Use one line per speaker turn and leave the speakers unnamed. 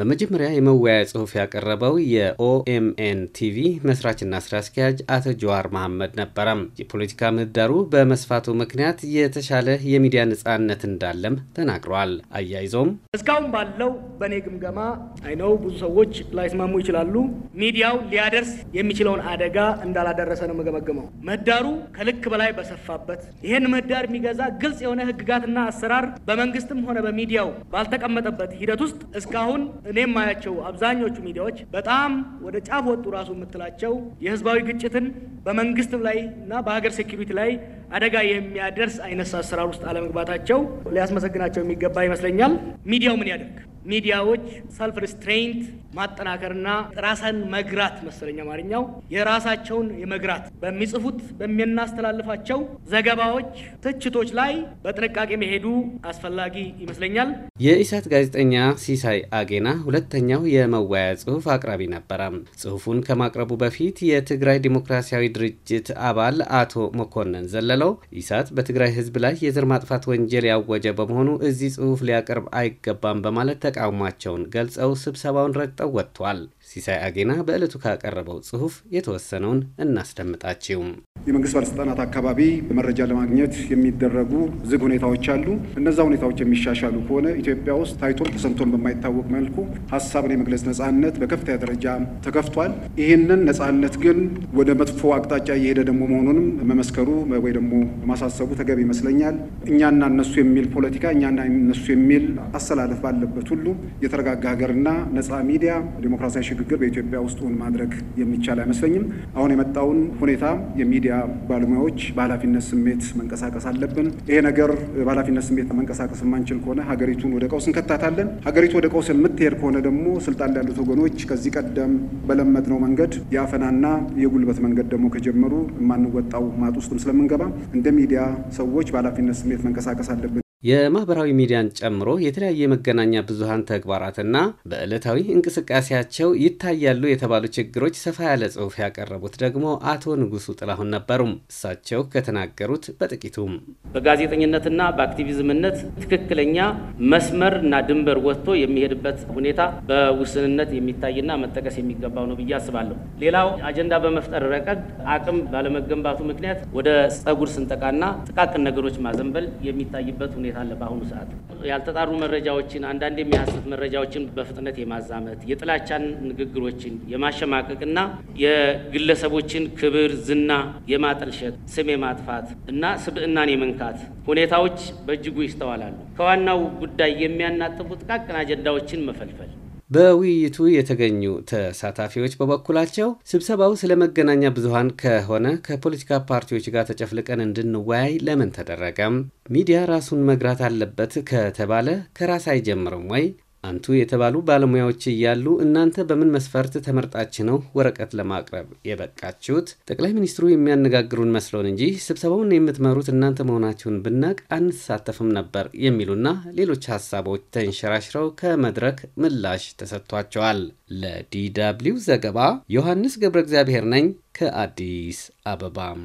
በመጀመሪያ የመወያያ ጽሑፍ ያቀረበው የኦኤምኤን ቲቪ መስራችና ስራ አስኪያጅ አቶ ጀዋር መሐመድ ነበረ። የፖለቲካ ምህዳሩ በመስፋቱ ምክንያት የተሻለ የሚዲያ ነጻነት እንዳለም ተናግረዋል። አያይዞም
እስካሁን ባለው በእኔ ግምገማ አይነው ብዙ ሰዎች ላይስማሙ ይችላሉ። ሚዲያው ሊያደርስ የሚችለውን አደጋ እንዳላደረሰ ነው መገመገመው። ምህዳሩ ከልክ በላይ በሰፋበት ይህን ምህዳር የሚገዛ ግልጽ የሆነ ህግጋትና አሰራር በመንግስትም ሆነ በሚዲያው ባልተቀመጠበት ሂደት ውስጥ እስካሁን እኔ ማያቸው አብዛኞቹ ሚዲያዎች በጣም ወደ ጫፍ ወጡ ራሱ የምትላቸው የህዝባዊ ግጭትን በመንግስት ላይ እና በሀገር ሴኪሪቲ ላይ አደጋ የሚያደርስ አይነት አሰራር ውስጥ አለመግባታቸው ሊያስመሰግናቸው የሚገባ ይመስለኛል። ሚዲያው ምን ያደርግ ሚዲያዎች ሰልፍ ሪስትሬንት ማጠናከርና ራስን መግራት መሰለኝ አማርኛው የራሳቸውን የመግራት በሚጽፉት በሚያስተላልፋቸው ዘገባዎች፣ ትችቶች ላይ በጥንቃቄ መሄዱ አስፈላጊ ይመስለኛል።
የኢሳት ጋዜጠኛ ሲሳይ አጌና ሁለተኛው የመወያ ጽሁፍ አቅራቢ ነበረ። ጽሁፉን ከማቅረቡ በፊት የትግራይ ዲሞክራሲያዊ ድርጅት አባል አቶ መኮንን ዘለለው ኢሳት በትግራይ ህዝብ ላይ የዘር ማጥፋት ወንጀል ያወጀ በመሆኑ እዚህ ጽሁፍ ሊያቀርብ አይገባም በማለት ተቃውሟቸውን ገልጸው ስብሰባውን ረግጠው ወጥቷል። ሲሳይ አጌና በዕለቱ ካቀረበው ጽሁፍ የተወሰነውን እናስደምጣችውም።
የመንግስት ባለስልጣናት አካባቢ መረጃ ለማግኘት የሚደረጉ ዝግ ሁኔታዎች አሉ። እነዛ ሁኔታዎች የሚሻሻሉ ከሆነ ኢትዮጵያ ውስጥ ታይቶን ተሰምቶም በማይታወቅ መልኩ ሀሳብን የመግለጽ ነጻነት በከፍተኛ ደረጃ ተከፍቷል። ይህንን ነጻነት ግን ወደ መጥፎ አቅጣጫ እየሄደ ደግሞ መሆኑንም መመስከሩ ወይ ደግሞ ማሳሰቡ ተገቢ ይመስለኛል። እኛና እነሱ የሚል ፖለቲካ፣ እኛና እነሱ የሚል አሰላለፍ ባለበት ሁሉም የተረጋጋ ሀገርና ነጻ ሚዲያ፣ ዴሞክራሲያዊ ሽግግር በኢትዮጵያ ውስጥ እውን ማድረግ የሚቻል አይመስለኝም። አሁን የመጣውን ሁኔታ የሚዲያ ባለሙያዎች በኃላፊነት ስሜት መንቀሳቀስ አለብን። ይሄ ነገር በኃላፊነት ስሜት መንቀሳቀስ የማንችል ከሆነ ሀገሪቱን ወደ ቀውስ እንከታታለን። ሀገሪቱ ወደ ቀውስ የምትሄድ ከሆነ ደግሞ ስልጣን ያሉት ወገኖች ከዚህ ቀደም በለመድነው መንገድ የአፈናና የጉልበት መንገድ ደግሞ ከጀመሩ የማንወጣው ማጥ ውስጥም ስለምንገባ እንደ ሚዲያ ሰዎች በኃላፊነት ስሜት መንቀሳቀስ አለብን።
የማህበራዊ ሚዲያን ጨምሮ የተለያዩ የመገናኛ ብዙሃን ተግባራትና በዕለታዊ እንቅስቃሴያቸው ይታያሉ የተባሉ ችግሮች ሰፋ ያለ ጽሑፍ ያቀረቡት ደግሞ አቶ ንጉሱ ጥላሁን ነበሩም። እሳቸው ከተናገሩት በጥቂቱም
በጋዜጠኝነትና በአክቲቪዝምነት ትክክለኛ መስመር እና ድንበር ወጥቶ የሚሄድበት ሁኔታ በውስንነት የሚታይና መጠቀስ የሚገባው ነው ብዬ አስባለሁ። ሌላው አጀንዳ በመፍጠር ረቀድ አቅም ባለመገንባቱ ምክንያት ወደ ጸጉር ስንጠቃና ጥቃቅን ነገሮች ማዘንበል የሚታይበት ሁኔታ ሁኔታ አለ። በአሁኑ ሰዓት ያልተጣሩ መረጃዎችን፣ አንዳንድ የሚያስት መረጃዎችን በፍጥነት የማዛመት የጥላቻን ንግግሮችን የማሸማቀቅና የግለሰቦችን ክብር፣ ዝና የማጠልሸት፣ ስም የማጥፋት እና ስብዕናን የመንካት ሁኔታዎች በእጅጉ ይስተዋላሉ። ከዋናው ጉዳይ የሚያናጥፉ ጥቃቅን አጀንዳዎችን መፈልፈል
በውይይቱ የተገኙ ተሳታፊዎች በበኩላቸው ስብሰባው ስለ መገናኛ ከሆነ ከፖለቲካ ፓርቲዎች ጋር ተጨፍልቀን እንድንወያይ ለምን ተደረገም? ሚዲያ ራሱን መግራት አለበት ከተባለ ከራስ አይጀምርም ወይ? አንቱ የተባሉ ባለሙያዎች እያሉ እናንተ በምን መስፈርት ተመርጣች ነው ወረቀት ለማቅረብ የበቃችሁት? ጠቅላይ ሚኒስትሩ የሚያነጋግሩን መስሎን እንጂ ስብሰባውን የምትመሩት እናንተ መሆናችሁን ብናቅ አንሳተፍም ነበር የሚሉና ሌሎች ሀሳቦች ተንሸራሽረው ከመድረክ ምላሽ ተሰጥቷቸዋል። ለዲ ደብልዩ ዘገባ ዮሐንስ ገብረ እግዚአብሔር ነኝ ከአዲስ አበባም